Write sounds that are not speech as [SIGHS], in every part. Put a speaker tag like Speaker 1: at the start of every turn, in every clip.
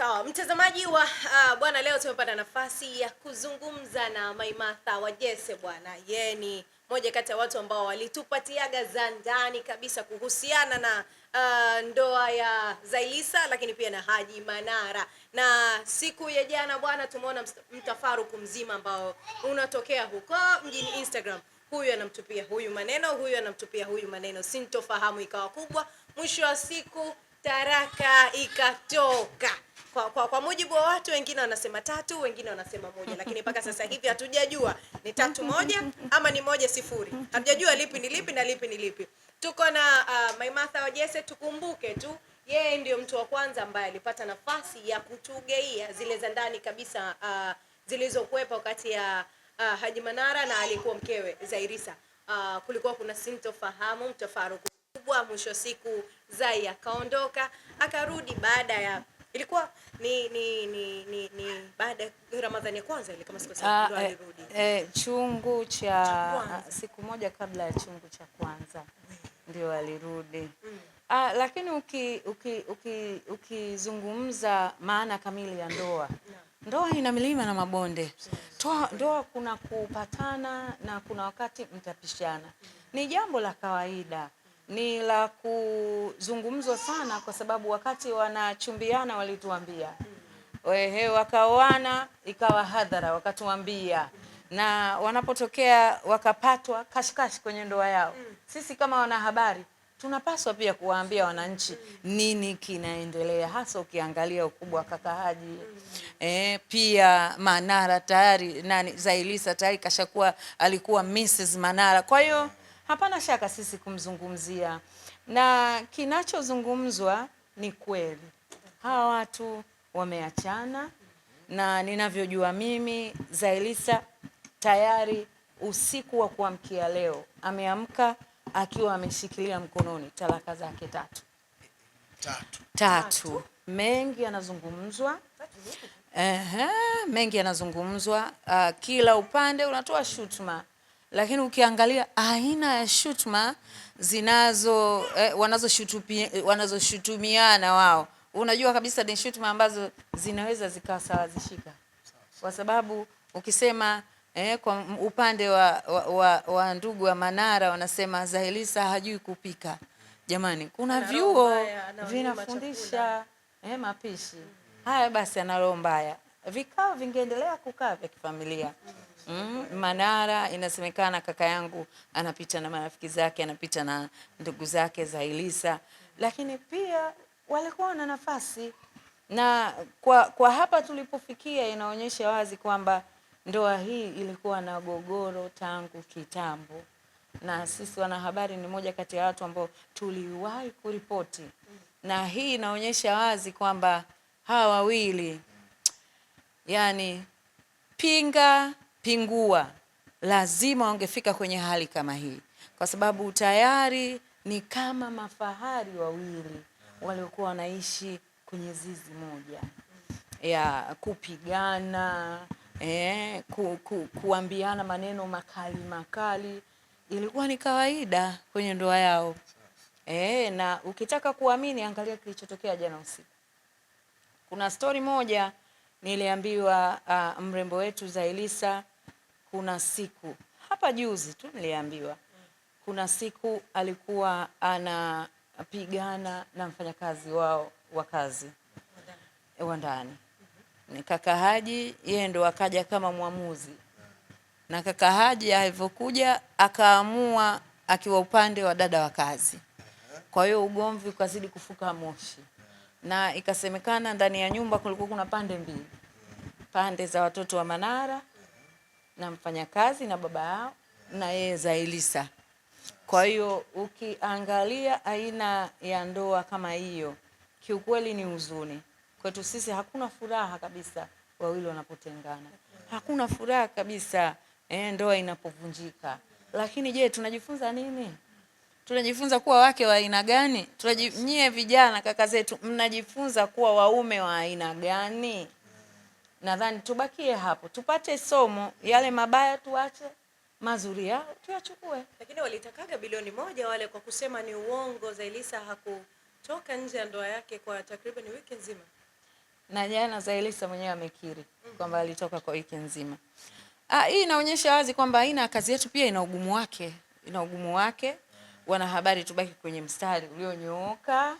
Speaker 1: Sawa, mtazamaji wa uh, bwana, leo tumepata nafasi ya kuzungumza na maimatha Wajese bwana. Yeye ni moja kati ya watu ambao walitupatiaga za ndani kabisa kuhusiana na uh, ndoa ya Zailisa lakini pia na Haji Manara, na siku ya jana bwana, tumeona mtafaruku mzima ambao unatokea huko mjini Instagram huyu anamtupia huyu maneno, huyu anamtupia huyu maneno, sintofahamu ikawa kubwa. Mwisho wa siku taraka ikatoka. Kwa, kwa, kwa mujibu wa watu wengine wanasema tatu, wengine wanasema moja, lakini mpaka sasa hivi hatujajua ni tatu moja ama ni moja sifuri. Hatujajua lipi ni lipi na lipi ni lipi. Tuko na uh, Maimartha Wajese. Tukumbuke tu yeye ndio mtu wa kwanza ambaye alipata nafasi ya kutugeia zile za ndani kabisa uh, zilizokuwepo kati ya uh, Haji Manara na aliyekuwa mkewe Zairisa. Uh, kulikuwa kuna sintofahamu, mtafaruku kubwa, mwisho siku Zai akaondoka akarudi baada ya ilikuwa ni ni ni ni, ni baada ya Ramadhani ya kwanza ile kama siku sasa ah, eh, alirudi
Speaker 2: eh, chungu cha, siku moja kabla ya chungu cha kwanza mm. ndio alirudi mm. Ah, lakini ukizungumza uki, uki, uki maana kamili ya ndoa no. Ndoa ina milima na mabonde. Toa, ndoa kuna kupatana na kuna wakati mtapishana mm. Ni jambo la kawaida ni la kuzungumzwa sana, kwa sababu wakati wanachumbiana walituambia wehe, wakaoana ikawa hadhara, wakatuambia na wanapotokea wakapatwa kashikashi kwenye ndoa yao, sisi kama wanahabari tunapaswa pia kuwaambia wananchi nini kinaendelea, hasa ukiangalia ukubwa wa kaka Haji. E, pia Manara tayari nani Zailisa tayari kashakuwa alikuwa Mrs Manara, kwa hiyo Hapana shaka sisi kumzungumzia, na kinachozungumzwa ni kweli, hawa watu wameachana, na ninavyojua mimi Zailisa tayari usiku wa kuamkia leo ameamka akiwa ameshikilia mkononi talaka zake tatu. Tatu. Tatu. Mengi yanazungumzwa. Ehe, mengi yanazungumzwa. Uh, kila upande unatoa shutuma lakini ukiangalia aina ya shutuma zinazo eh, wanazoshutumiana wao, unajua kabisa ni shutuma ambazo zinaweza zikasawazishika, kwa sababu ukisema eh, kwa upande wa, wa, wa, wa ndugu wa Manara wanasema zahilisa hajui kupika. Jamani, kuna vyuo vinafundisha eh, mapishi haya. Basi ana roho mbaya, vikao vingeendelea kukaa vya kifamilia. Mm, Manara inasemekana kaka yangu anapita na marafiki zake, anapita na ndugu zake za ilisa lakini pia walikuwa na nafasi na kwa, kwa hapa tulipofikia inaonyesha wazi kwamba ndoa hii ilikuwa na gogoro tangu kitambo, na sisi wanahabari ni moja kati ya watu ambao tuliwahi kuripoti, na hii inaonyesha wazi kwamba hawa wawili yani pinga pingua, lazima wangefika kwenye hali kama hii, kwa sababu tayari ni kama mafahari wawili waliokuwa wanaishi kwenye zizi moja ya kupigana eh, ku, ku, kuambiana maneno makali makali ilikuwa ni kawaida kwenye ndoa yao eh, na ukitaka kuamini, angalia kilichotokea jana usiku. Kuna stori moja niliambiwa uh, mrembo wetu Zailisa kuna siku hapa juzi tu niliambiwa kuna siku alikuwa anapigana na mfanyakazi wao wa kazi wa ndani ni kaka Haji, yeye ndo akaja kama mwamuzi, na kaka Haji alivyokuja akaamua akiwa upande wa dada wa kazi. Kwa hiyo ugomvi ukazidi kufuka moshi, na ikasemekana ndani ya nyumba kulikuwa kuna pande mbili, pande za watoto wa Manara na mfanyakazi na baba yao na yeye Zailisa. Kwa hiyo ukiangalia aina ya ndoa kama hiyo, kiukweli ni huzuni kwetu sisi. Hakuna furaha kabisa wawili wanapotengana, hakuna furaha kabisa e, ndoa inapovunjika. Lakini je, tunajifunza nini? tunajifunza kuwa wake wa aina gani? Nyie vijana kaka zetu, mnajifunza kuwa waume wa aina gani? Nadhani tubakie hapo, tupate somo. Yale mabaya tuache, mazuri yao tuyachukue.
Speaker 1: Lakini walitakaga bilioni moja wale kwa kusema ni uongo. Zailisa hakutoka nje ya ndoa yake kwa takriban wiki nzima,
Speaker 2: na jana Zailisa mwenyewe amekiri mm, kwamba alitoka kwa wiki nzima. Ah, hii inaonyesha wazi kwamba aina ya kazi yetu pia ina ugumu wake, ina ugumu wake wanahabari, tubaki kwenye mstari ulionyooka.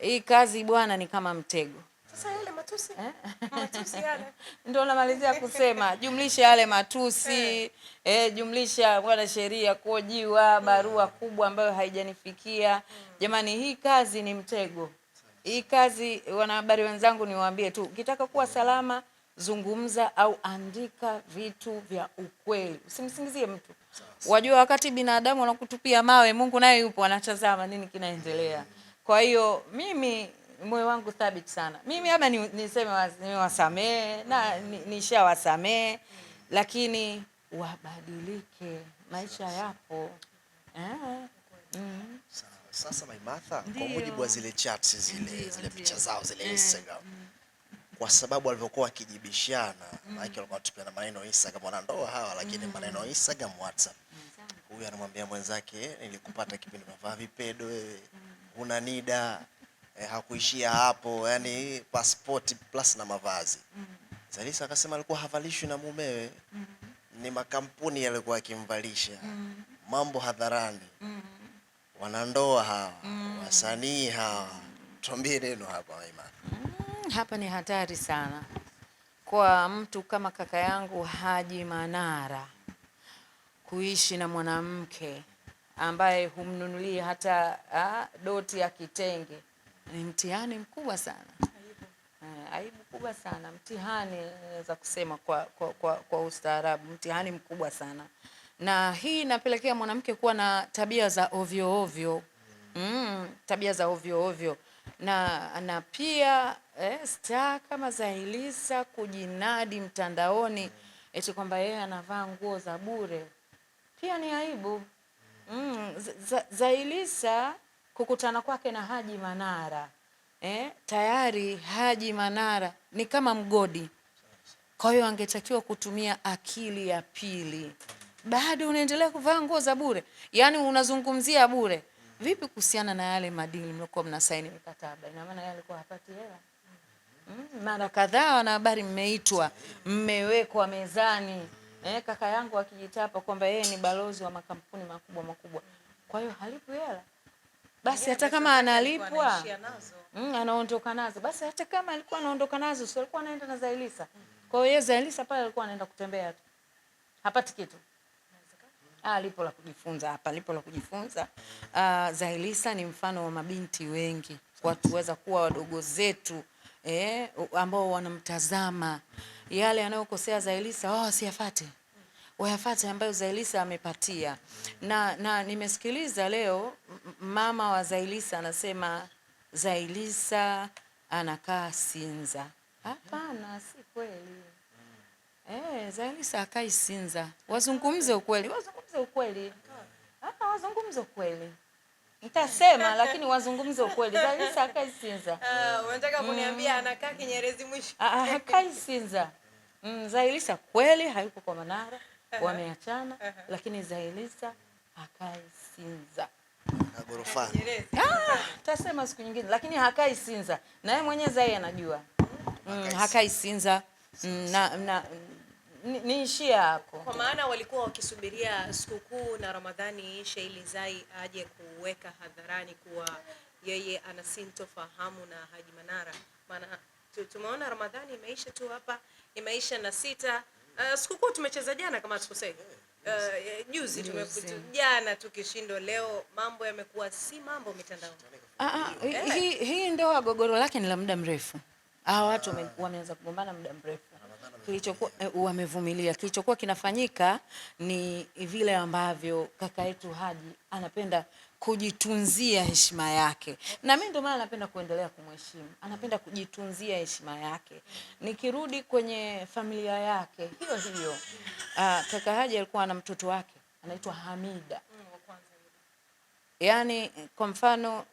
Speaker 2: Hii kazi bwana ni kama mtego.
Speaker 1: Sasa yale matusi, eh? matusi yale
Speaker 2: [LAUGHS] ndio namalizia kusema jumlisha yale matusi eh, eh jumlisha sheria kuojiwa, barua mm. kubwa ambayo haijanifikia. Jamani, hii kazi ni mtego. Hii kazi, wanahabari wenzangu, niwaambie tu, ukitaka kuwa salama, zungumza au andika vitu vya ukweli, usimsingizie mtu. Wajua, wakati binadamu wanakutupia mawe, Mungu naye yupo anatazama nini kinaendelea. Kwa hiyo mimi moyo wangu thabiti sana. Mimi labda ni, niseme nimewasamehe na nishawasamehe ni lakini wabadilike, maisha yapo eh.
Speaker 3: Mm. Sasa Maimartha, kwa mujibu wa zile chats zile, zile picha zao zile eh, Instagram mm kwa sababu walivyokuwa wakijibishana mm. na walikuwa tupiana maneno Instagram, wanandoa hawa lakini mm. maneno Instagram, WhatsApp. Mm. Huyu anamwambia mwenzake, nilikupata kipindi unavaa vipedo wewe, mm. una nida eh, hakuishia hapo, yani passport plus na mavazi mm. Zalisa akasema alikuwa havalishwi na mumewe mm. Ni makampuni yalikuwa yakimvalisha mm. Mambo hadharani mm. Wanandoa hawa mm. Wasanii hawa, tuambie neno hapa Maimai
Speaker 2: hapa ni hatari sana kwa mtu kama kaka yangu Haji Manara kuishi na mwanamke ambaye humnunulii hata ha, doti ya kitenge ni mtihani mkubwa sana aibu, eh, aibu kubwa sana mtihani, naweza kusema kwa, kwa, kwa, kwa ustaarabu, mtihani mkubwa sana na hii inapelekea mwanamke kuwa na tabia za ovyo ovyo mm, tabia za ovyo ovyo na, na pia eh, staa kama Zailisa kujinadi mtandaoni eti kwamba yeye anavaa nguo za bure, pia ni aibu mm. Zailisa kukutana kwake na Haji Manara eh, tayari Haji Manara ni kama mgodi, kwa hiyo angetakiwa kutumia akili ya pili. Bado unaendelea kuvaa nguo za bure, yaani unazungumzia bure. Vipi kuhusiana na yale madili mlikuwa mnasaini mikataba? Ina maana yeye alikuwa hapati hela. Mm, mara kadhaa wanahabari mmeitwa, mmewekwa mezani. Eh, kaka yangu akijitapa kwamba yeye ni balozi wa makampuni makubwa makubwa, kwa hiyo halipwi hela basi hata kama analipwa mm, anaondoka nazo basi. Hata kama alikuwa anaondoka nazo, sio alikuwa anaenda na Zailisa. Kwa hiyo Zailisa pale alikuwa anaenda kutembea tu, hapati kitu. Ah, lipo la kujifunza hapa, lipo la kujifunza. Ah, Zailisa ni mfano wa mabinti wengi kwa tuweza kuwa wadogo zetu eh, ambao wanamtazama yale anayokosea Zailisa wao siyafate wayafate ambayo Zailisa amepatia na, na nimesikiliza leo mama wa Zailisa anasema Zailisa anakaa Sinza. Hapana, si kweli eh, Zailisa akai Sinza. Wazungumze ukweli, wazungumze ukweli, hapa wazungumze ukweli. Nitasema lakini wazungumze ukweli. Zalisa akai Sinza.
Speaker 1: Ah, unataka kuniambia mm, anakaa Kinyerezi mwisho?
Speaker 2: Ah, ah akai Sinza. Mm, Zalisa kweli hayuko kwa Manara, wameachana uh -huh. Lakini Zalisa akai Sinza.
Speaker 3: Na gorofa.
Speaker 2: Ah, tasema siku nyingine lakini hakai Sinza. Na yeye mwenyewe Zai anajua. Mm, hakai Sinza. Mm, na, na niishie hapo,
Speaker 1: kwa maana walikuwa wakisubiria sikukuu na Ramadhani ishe ili Zai aje kuweka hadharani kuwa yeye ana sintofahamu na Haji Manara, maana tumeona Ramadhani imeisha tu hapa, imeisha na sita. Uh, sikukuu tumecheza jana kama tukosei, eh, eh, juzi tumekuta jana tukishindo, leo mambo yamekuwa si mambo mitandao.
Speaker 2: Ah, ah hii hi, hi ndoa gogoro lake ni la muda mrefu. Hawa watu wameanza kugombana muda mrefu kilichokuwa eh, wamevumilia, kilichokuwa kinafanyika ni vile ambavyo kaka yetu Haji anapenda kujitunzia heshima yake, na mimi ndio maana anapenda kuendelea kumheshimu, anapenda kujitunzia heshima yake. Nikirudi kwenye familia yake hiyo hiyo, uh, ah, kaka Haji alikuwa na mtoto wake anaitwa Hamida, mm, yaani kwa mfano [LAUGHS]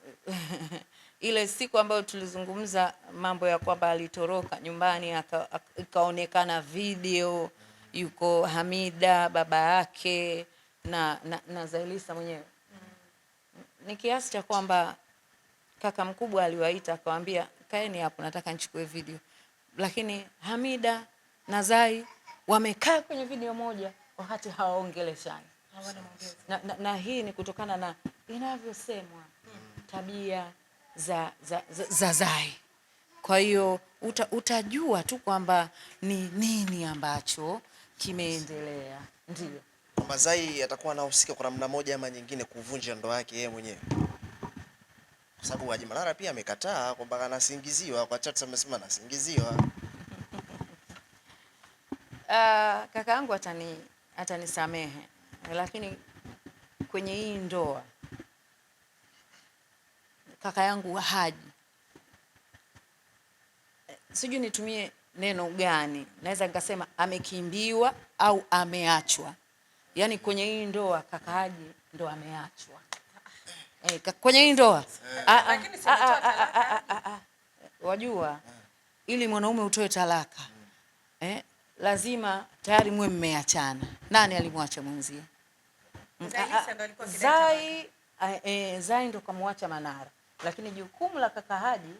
Speaker 2: ile siku ambayo tulizungumza mambo ya kwamba alitoroka nyumbani akaonekana video yuko Hamida baba yake na, na, na Zailisa mwenyewe ni kiasi cha kwamba kaka mkubwa aliwaita akawaambia, kaeni hapo, nataka nichukue video. Lakini Hamida na Zai wamekaa kwenye video moja wakati hawaongeleshani na, na, na hii ni kutokana na inavyosemwa hmm. tabia za, za, za, za zai. Kwa hiyo uta, utajua tu kwamba ni nini ambacho kimeendelea, ndio
Speaker 3: kwamba zai atakuwa anahusika kwa namna moja ama nyingine kuvunja ndoa yake yeye mwenyewe, kwa sababu Haji Manara pia amekataa kwamba anasingiziwa kwa chat, amesema anasingiziwa.
Speaker 2: Uh, [LAUGHS] ah, kakaangu atani atanisamehe, lakini kwenye hii ndoa kaka yangu Haji, sijui nitumie neno gani, naweza nikasema amekimbiwa au ameachwa. Yaani kwenye hii ndoa kaka Haji ndo ameachwa eh, kwenye hii ndoa wajua, ili mwanaume utoe talaka eh, lazima tayari mwe mmeachana. Nani alimwacha mwenzie? Zai, eh, eh, Zai ndo kamwacha Manara lakini jukumu la kaka Haji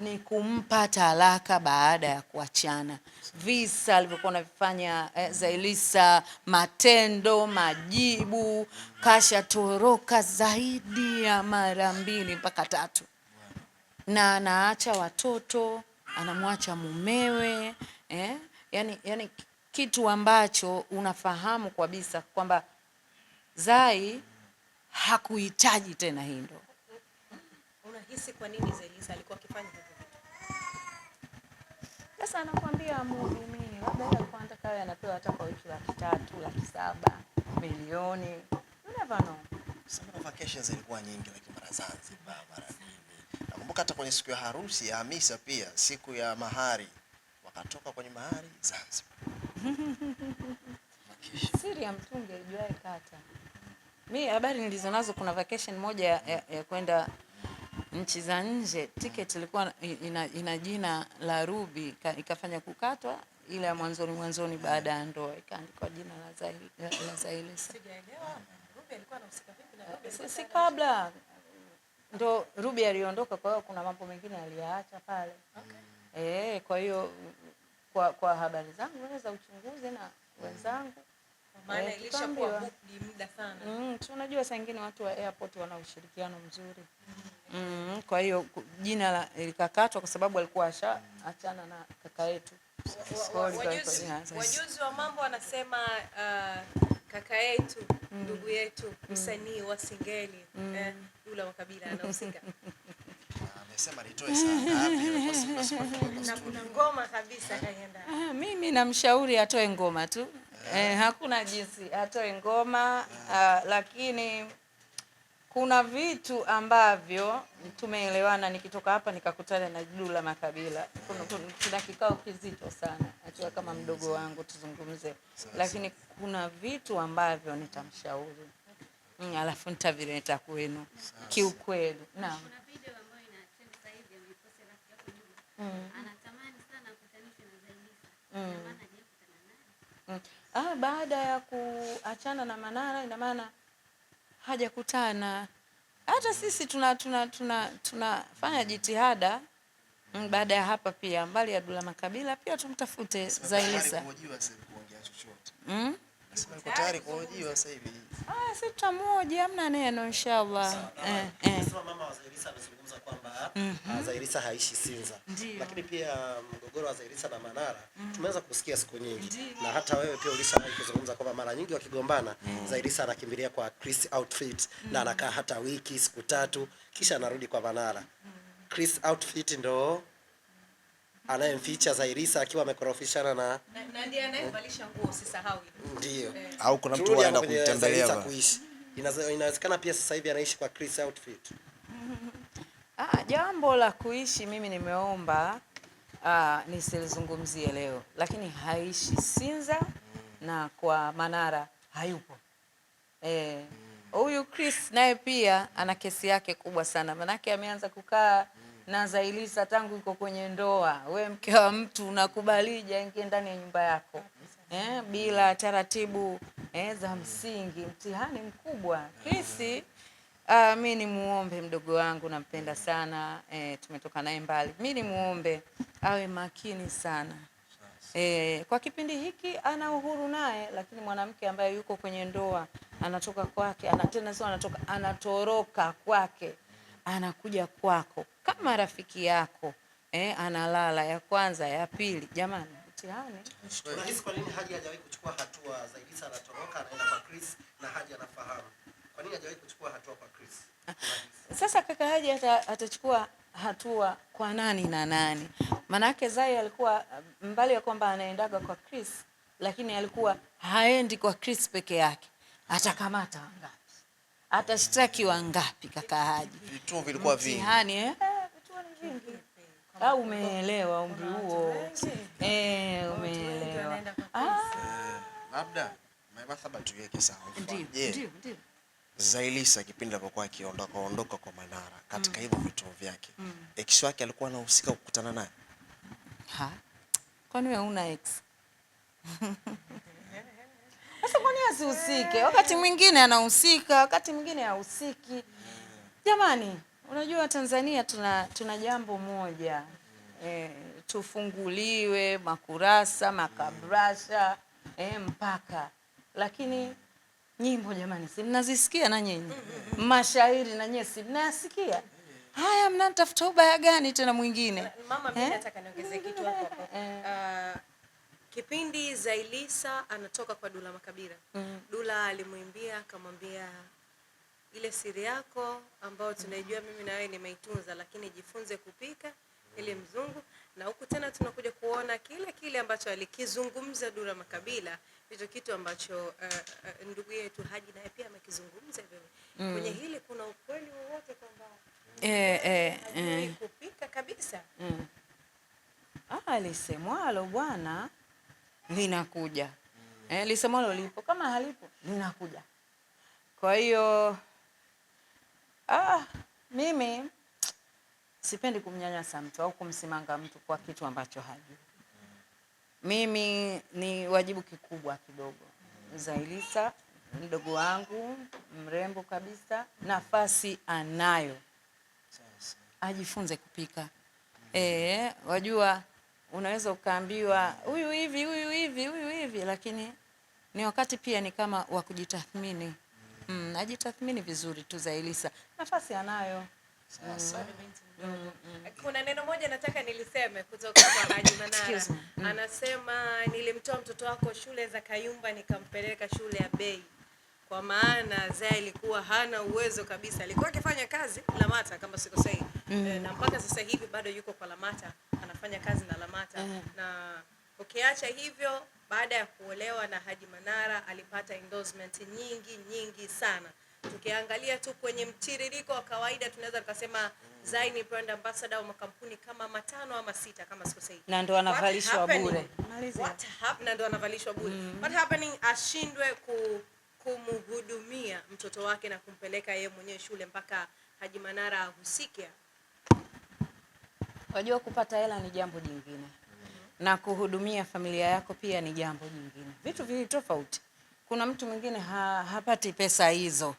Speaker 2: ni kumpa talaka baada ya kuachana. Visa alivyokuwa anavifanya eh, Zailisa, matendo, majibu, kashatoroka zaidi ya mara mbili mpaka tatu, na anaacha watoto, anamwacha mumewe eh, yani, yani kitu ambacho unafahamu kabisa kwamba Zai hakuhitaji tena hii ndoa
Speaker 1: unahisi kwa nini Zelisa alikuwa akifanya hivyo vitu? Sasa anakuambia muumini, labda alikuwa anataka awe anapewa hata kwa wiki laki tatu, laki saba, milioni, you never know.
Speaker 3: Sasa vacations zilikuwa nyingi, lakini mara Zanzibar, mara nini, nakumbuka hata kwenye siku ya harusi ya Hamisa pia siku ya mahari wakatoka kwenye mahari
Speaker 2: Zanzibar. [LAUGHS] Siri ya mtungi ijuae kata. Mi habari nilizonazo kuna vacation moja ya, ya, ya kwenda nchi za nje tiketi ilikuwa ina, ina jina la Ruby ikafanya kukatwa, ile ya mwanzoni mwanzoni baada ya ndoa ikaandikwa jina la Zailisa. Si kabla ndo Ruby aliondoka, kwa hiyo kuna mambo mengine aliyaacha pale okay. E, kwa hiyo kwa, kwa habari zangu za uchunguzi na wenzangu
Speaker 1: maana eh, ilishakuwa ni muda sana.
Speaker 2: Mm, tunajua saa nyingine watu wa airport wana ushirikiano mzuri mm -hmm. Mm, kwa hiyo jina likakatwa kwa sababu alikuwa achana na kaka yetu.
Speaker 1: Wajuzi wa, mambo wanasema uh, kaka yetu mm. ndugu yetu mm. msanii mm. wa Singeli mm. eh, ula wa kabila anahusika [LAUGHS] na kuna ngoma kabisa kaenda.
Speaker 2: Ah, mimi namshauri atoe ngoma tu eh, eh hakuna jinsi atoe ngoma eh. ah, lakini kuna vitu ambavyo tumeelewana, nikitoka hapa nikakutana na la Makabila, kuna kikao kizito sana, akiwa kama mdogo wangu tuzungumze, lakini kuna vitu ambavyo nitamshauri mm, alafu nitavileta kwenu kiukweli. Naam. Mm. Mm. mm. Ah, baada ya kuachana na Manara ina maana hajakutana. Hata sisi tuna tuna tuna tunafanya jitihada mm, baada ya hapa pia, mbali ya Dulla Makabila pia tumtafute hivi. Ah, si tutamoja, hamna neno inshallah.
Speaker 3: Eh, eh. Mama wa Zairisa amezungumza kwamba mm -hmm. Zairisa haishi Sinza. Ndiyo. Lakini pia um, mgogoro wa zairisa na Manara mm -hmm. tumeweza kusikia siku nyingi. Ndiyo. Na hata wewe pia ulishawahi kuzungumza kwamba mara nyingi wakigombana mm -hmm. anakimbilia kwa Chris outfit mm -hmm. na anakaa hata wiki siku tatu kisha anarudi kwa Manara. Mm -hmm. Chris outfit ndo anayemficha Zairisa akiwa amekorofishana na
Speaker 1: na ndiye anayevalisha nguo, usisahau.
Speaker 3: Ndio. Eh. Au kuna mtu anaenda kumtembelea kuishi. Inawezekana pia sasa hivi anaishi kwa Chris outfit. [LAUGHS]
Speaker 2: Ah, jambo la kuishi mimi nimeomba ah, nisilizungumzie leo, lakini haishi Sinza na kwa Manara hayupo. Eh, huyu Chris naye pia ana kesi yake kubwa sana, manake ameanza kukaa na Zailisa tangu iko kwenye ndoa, we mke wa mtu unakubalija ingie ndani ya nyumba yako eh, bila taratibu eh, za msingi? Mtihani mkubwa Chris. Uh, mi ni muombe mdogo wangu nampenda sana eh, tumetoka naye mbali. Mi ni muombe awe makini sana eh, kwa kipindi hiki ana uhuru naye, lakini mwanamke ambaye yuko kwenye ndoa anatoka kwake ana, tena sio anatoka, anatoroka kwake anakuja kwako kama rafiki yako eh, analala ya kwanza ya pili, jamani
Speaker 3: mtihani. Unahisi kwa nini Haji hajawahi kuchukua hatua zaidi sana? Toroka anaenda kwa Chris na Haji anafahamu. Kwa nini hajawahi kuchukua hatua kwa Chris?
Speaker 2: Ah, sasa kaka Haji atachukua hatua kwa nani na nani? Maana yake Zai alikuwa mbali ya kwamba anaendaga kwa Chris, lakini alikuwa haendi kwa Chris peke yake. Atakamata wangapi? Atashtaki wangapi? Kaka Haji,
Speaker 3: vituo vilikuwa vingi.
Speaker 2: eh? au ah, umeelewa umri huo eh, umeelewa
Speaker 3: ah. labda Martaba, tuiweke sawa. Ndio, ndio. Zailisa kipindi alipokuwa akiondoka ondoka kwa Manara katika mm. hivyo mm. vituo vyake mm. ex eh, wake alikuwa anahusika kukutana naye.
Speaker 2: Ha? Kwani wewe una ex? [LAUGHS] Sasa kwani asihusike? Wakati mwingine anahusika, wakati mwingine hahusiki. Mm. Jamani, Unajua Tanzania tuna, tuna jambo moja e, tufunguliwe makurasa makabrasha e, mpaka lakini nyimbo jamani, si mnazisikia na nyinyi mashairi na nyinyi si mnayasikia haya, mnatafuta ubaya gani tena mwingine?
Speaker 1: Mama, mimi eh? nataka niongeze kitu hapo hapo ah, kipindi Zailisa anatoka kwa Dula Makabira. mm -hmm. Dula alimwimbia akamwambia ile siri yako ambayo tunaijua mimi na wewe nimeitunza, lakini jifunze kupika ili mzungu. Na huku tena tunakuja kuona kile kile ambacho alikizungumza Dura Makabila, hicho kitu ambacho uh, uh, ndugu yetu Haji naye pia amekizungumza hivyo. mm. Kwenye hili kuna ukweli wowote kwamba
Speaker 2: eh, eh,
Speaker 1: eh. kupika kabisa
Speaker 2: mm. Ah, lisemwalo bwana linakuja mm. Eh, lisemwalo lipo kama halipo linakuja, kwa hiyo Ah, mimi sipendi kumnyanyasa mtu au kumsimanga mtu kwa kitu ambacho hajui. Mimi ni wajibu kikubwa kidogo. Zailisa mdogo wangu mrembo kabisa, nafasi anayo, ajifunze kupika. E, wajua unaweza ukaambiwa huyu hivi huyu hivi huyu hivi, lakini ni wakati pia ni kama wa kujitathmini Mm, ajitathmini vizuri tu Zailisa, nafasi anayo.
Speaker 1: Sasa mm, mm, mm. Kuna neno moja nataka niliseme kutoka kwa Manara mm. Anasema nilimtoa mtoto wako shule za Kayumba nikampeleka shule ya Bei, kwa maana Zai alikuwa hana uwezo kabisa, alikuwa akifanya kazi Lamata kama siko sahihi mm. E, na mpaka sasa hivi bado yuko kwa Lamata anafanya kazi na Lamata mm. na Ukiacha hivyo, baada ya kuolewa na Haji Manara alipata endorsement nyingi nyingi sana. Tukiangalia tu kwenye mtiririko wa kawaida tunaweza tukasema Zain brand ambassador wa makampuni kama matano ama sita kama sikosei,
Speaker 2: na ndo anavalishwa bure
Speaker 1: na ndo anavalishwa bure. Mm. What happening, ashindwe ku kumhudumia mtoto wake na kumpeleka yeye mwenyewe shule mpaka Haji Manara ahusike.
Speaker 2: Wajua, kupata hela ni jambo jingine na kuhudumia familia yako pia ni jambo jingine, vitu vili tofauti. Kuna mtu mwingine ha, hapati pesa hizo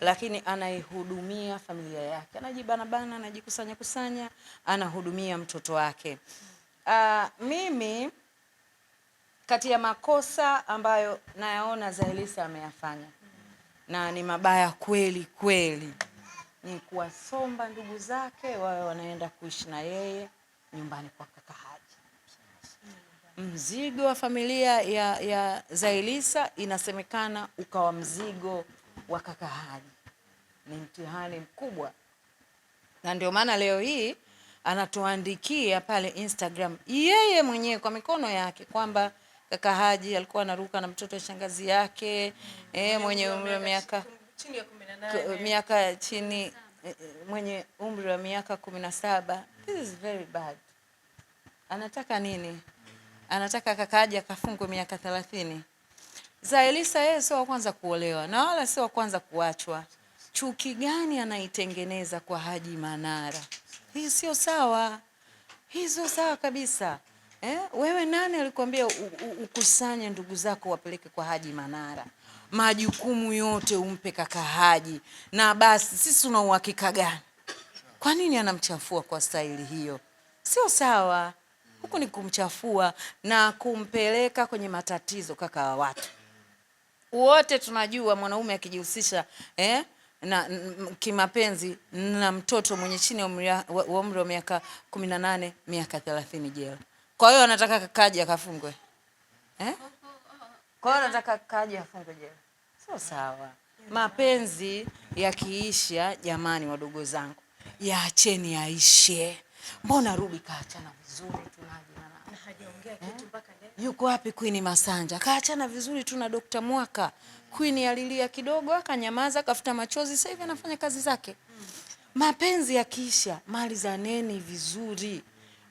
Speaker 2: lakini anaihudumia familia yake, anajibanabana, anajikusanya kusanya, anahudumia mtoto wake. Uh, mimi kati ya makosa ambayo nayaona Zailisa ameyafanya na ni mabaya kweli kweli ni kuwasomba ndugu zake wawe wanaenda kuishi na yeye nyumbani kwa kaka mzigo wa familia ya, ya Zailisa inasemekana ukawa mzigo wa kaka Haji. Ni mtihani mkubwa, na ndio maana leo hii anatuandikia pale Instagram yeye mwenyewe kwa mikono yake kwamba kaka Haji alikuwa anaruka na mtoto wa shangazi yake e, mwenye umri wa miaka
Speaker 1: chini ya 18
Speaker 2: miaka chini eh, eh, mwenye umri wa miaka kumi na saba. This is very bad. Anataka nini? anataka kakaaje akafungwe miaka thelathini. Zailisa yeye sio wa kwanza kuolewa na wala sio wa kwanza kuachwa. Chuki gani anaitengeneza kwa Haji Manara? Hii sio sawa, hii sio sawa kabisa. Eh, wewe nani alikwambia ukusanye ndugu zako wapeleke kwa Haji Manara? Majukumu yote umpe kaka Haji, na basi sisi tuna uhakika gani? Kwa nini anamchafua kwa staili hiyo? Sio sawa huku ni kumchafua na kumpeleka kwenye matatizo kaka wa watu wote. Tunajua mwanaume akijihusisha eh, na mm, kimapenzi na mtoto mwenye chini ya umri wa miaka kumi na nane miaka thelathini jela. Kwa hiyo anataka kakaje akafungwe eh? Kwa hiyo anataka kakaje afungwe jela, sio sawa. Mapenzi yakiisha, jamani, wadogo zangu, yaacheni yaishe. Mbona Ruby kaachana vizuri eh? Yuko wapi Queen Masanja? Kaachana vizuri tu na Dr. Mwaka. Queen alilia kidogo akanyamaza akafuta machozi, sasa hivi anafanya kazi zake. Hmm. Mapenzi yakiisha, mali za neni vizuri.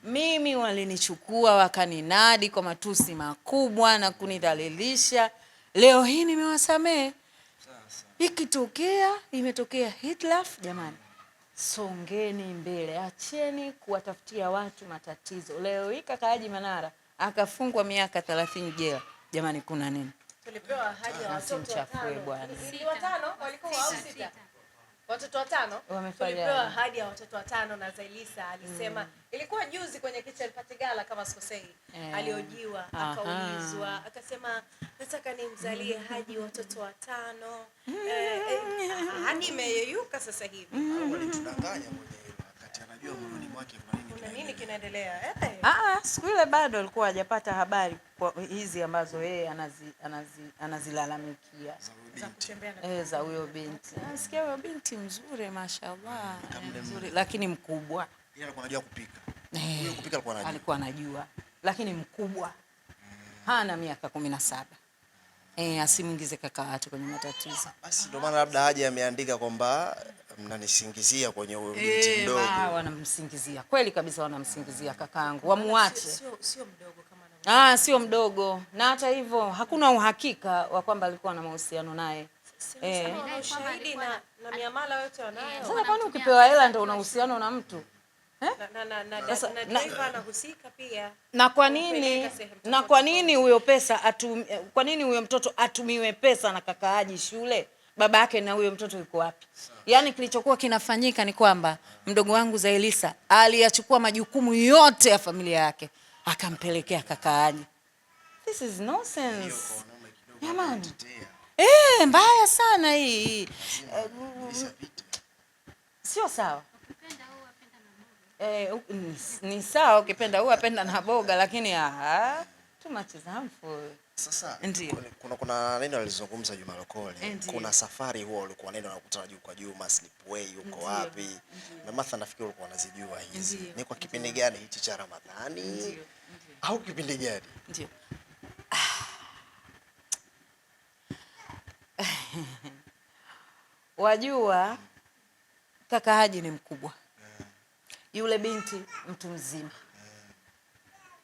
Speaker 2: Mimi walinichukua wakaninadi kwa matusi makubwa na kunidhalilisha. Leo hii nimewasamehe. Ikitokea imetokea Hitler jamani. Songeni mbele, acheni kuwatafutia watu matatizo. Leo hii kakaaji Manara akafungwa miaka thelathini jela. Jamani, kuna nini?
Speaker 1: Tulipewa ahadi ya watoto watano, bwana, si watano walikuwa au sita? watoto watano tulipewa ahadi yaani. ya watoto watano na Zailisa alisema mm. Ilikuwa juzi kwenye Kitchen Party Gala kama sikosei eh. Aliojiwa akaulizwa akasema nataka nimzalie Haji watoto watano mm. [LAUGHS] Eh, eh, hadi imeyeyuka sasa hivi
Speaker 3: mm
Speaker 2: siku ile bado alikuwa hajapata habari kwa hizi ambazo yeye anazilalamikia za huyo binti. Nasikia eh, ah, huyo binti mzuri, mashallah, mzuri lakini mkubwa. Eh, alikuwa anajua lakini mkubwa, hmm. hana miaka kumi na saba. E, eh, asimwingize kaka watu kwenye matatizo.
Speaker 3: Basi ndio maana labda haja ameandika kwamba mnanisingizia kwenye huyo binti e, eh, mdogo. Ah,
Speaker 2: wanamsingizia kweli kabisa, wanamsingizia kakaangu, wamuache. Sio,
Speaker 1: sio mdogo
Speaker 2: kama ah, sio mdogo, na hata hivyo hakuna uhakika wa kwamba alikuwa na mahusiano naye.
Speaker 1: Sasa
Speaker 2: kwani ukipewa hela ndio una uhusiano na mtu
Speaker 1: eh? eh? na, na, na, na, na,
Speaker 2: na kwa nini na kwa nini huyo pesa atum, kwa nini huyo mtoto atumiwe pesa na kakaaji shule? baba yake na huyo mtoto yuko wapi? Yaani kilichokuwa kinafanyika ni kwamba mdogo wangu Zailisa aliyachukua majukumu yote ya familia yake akampelekea kakaaji. This is nonsense. Jamani. Eh, mbaya sana hii. Sio sawa. Eh, ni sawa ukipenda huwa penda na boga lakini aha.
Speaker 3: Sasa kuna kuna neno alizungumza Juma Lokole, kuna safari huwa ulikuwa neno nakutana juu kwa juu maslipway uko wapi na nafikiri ulikuwa unazijua hizi. Ni kwa kipindi gani hichi cha Ramadhani au kipindi gani?
Speaker 2: Ndio [SIGHS] wajua, kaka Haji ni mkubwa, eh. yule binti mtu mzima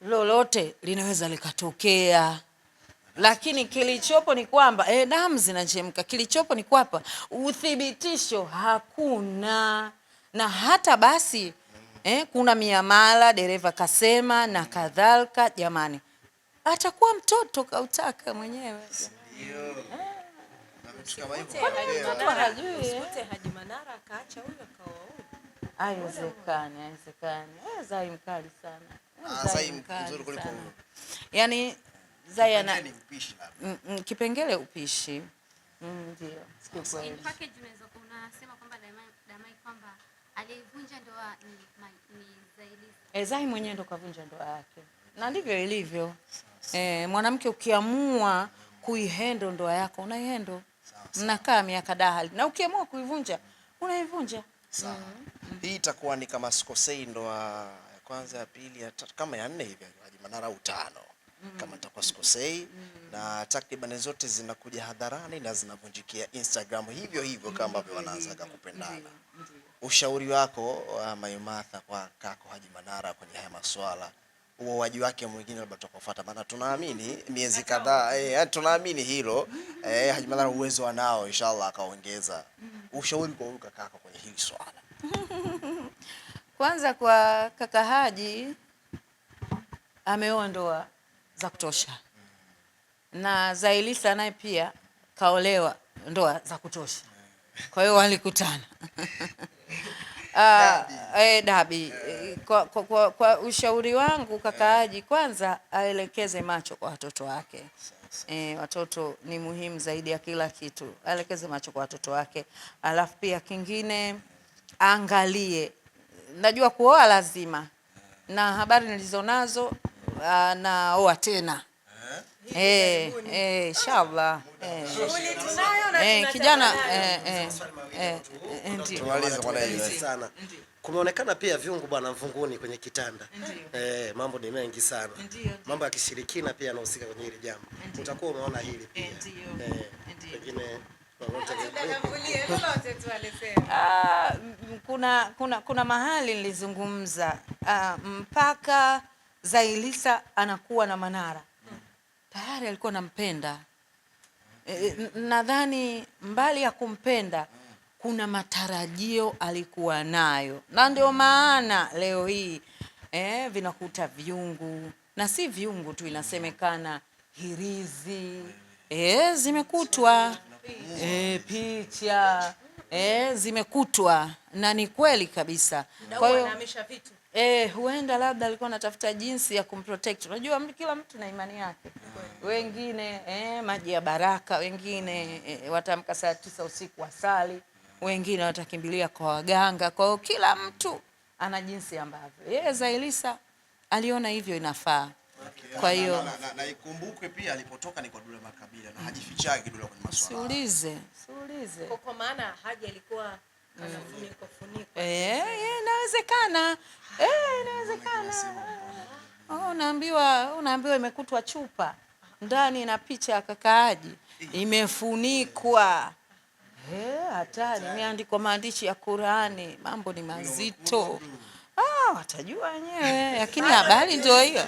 Speaker 2: lolote linaweza likatokea, lakini kilichopo ni kwamba eh, damu zinachemka. Kilichopo ni kwamba uthibitisho hakuna, na hata basi eh, kuna miamala, dereva kasema na kadhalika. Jamani, atakuwa mtoto kautaka mwenyewe eh. Haiwezekani, haiwezekani, zai mkali sana.
Speaker 3: Yani ah, kuliko yaani, mm, mm, kipengele upishi.
Speaker 2: Mm, ndio. Sio ndoa Zai eh, mwenyewe ndo kavunja ndoa yake. Na ndivyo ilivyo. Eh, mwanamke ukiamua kuihendo ndoa yako unaihendo. Mnakaa miaka dahali. Na ukiamua kuivunja unaivunja.
Speaker 3: Sawa. Hii itakuwa ni kama sikosei ndoa kwanza ya pili ya tatu kama ya nne hivi Haji au tano mm-hmm. kama nitakuwa sikosei, mm-hmm. na takriban zote zinakuja hadharani na zinavunjikia Instagram hivyo hivyo kama ambavyo mm-hmm. wanaanzaga kupendana. Ushauri wako wa uh, Mayumatha kwa kako Haji Manara kwenye haya maswala uoaji wake mwingine labda tutakofuata, maana tunaamini miezi kadhaa eh, tunaamini hilo eh, Haji Manara uwezo anao, inshallah akaongeza. Ushauri kwa huyu kakako kwenye hili swala
Speaker 2: [LAUGHS] Kwanza kwa kaka Haji ameoa ndoa za kutosha na Zailisa naye pia kaolewa ndoa za kutosha, kwa hiyo walikutana [LAUGHS] Ah, eh, Dabi kwa, kwa, kwa, kwa ushauri wangu kaka eh. Haji kwanza aelekeze macho kwa watoto wake. E, watoto ni muhimu zaidi ya kila kitu. Aelekeze macho kwa watoto wake, alafu pia kingine aangalie najua kuoa lazima, na habari nilizonazo uh, naoa tena eh? eh, eh, inshallah eh,
Speaker 1: eh kijana
Speaker 2: eh, eh, eh,
Speaker 3: eh sana kumeonekana pia vyungu bwana mvunguni kwenye kitanda eh, mambo ni mengi sana Ndiyo. mambo ya kishirikina pia yanahusika kwenye hili jambo, utakuwa umeona hili pia eh,
Speaker 2: kuna, kuna, kuna mahali nilizungumza uh, mpaka Zailisa anakuwa na Manara tayari alikuwa nampenda. E, eh, eh, nadhani mbali ya kumpenda kuna matarajio alikuwa nayo, na ndio maana leo hii e, vinakuta vyungu na si vyungu tu, inasemekana hirizi e, zimekutwa e, picha e, zimekutwa na ni kweli kabisa. Kwa hiyo Eh, huenda labda alikuwa anatafuta jinsi ya kumprotect. Unajua kila mtu na imani yake. Wengine eh, maji ya baraka, wengine eh, watamka saa tisa usiku wasali, wengine watakimbilia kwa waganga. Kwa hiyo kila mtu ana jinsi ambavyo. Yeye Zailisa aliona hivyo inafaa. Kwa hiyo
Speaker 3: na, na, na ikumbuke pia alipotoka ni kwa Dula Makabila na hajifichaje Dula kwenye masuala.
Speaker 2: Siulize, siulize.
Speaker 1: Kwa maana Haji alikuwa
Speaker 2: anafunika funika. Eh, eh, inawezekana. Eh, inawezekana. Oh, unaambiwa unaambiwa imekutwa chupa ndani na picha ya kakaaji imefunikwa. Eh, hatari, imeandikwa maandishi ya Qur'ani, mambo ni mazito. Ah, watajua wenyewe, lakini habari ndio hiyo.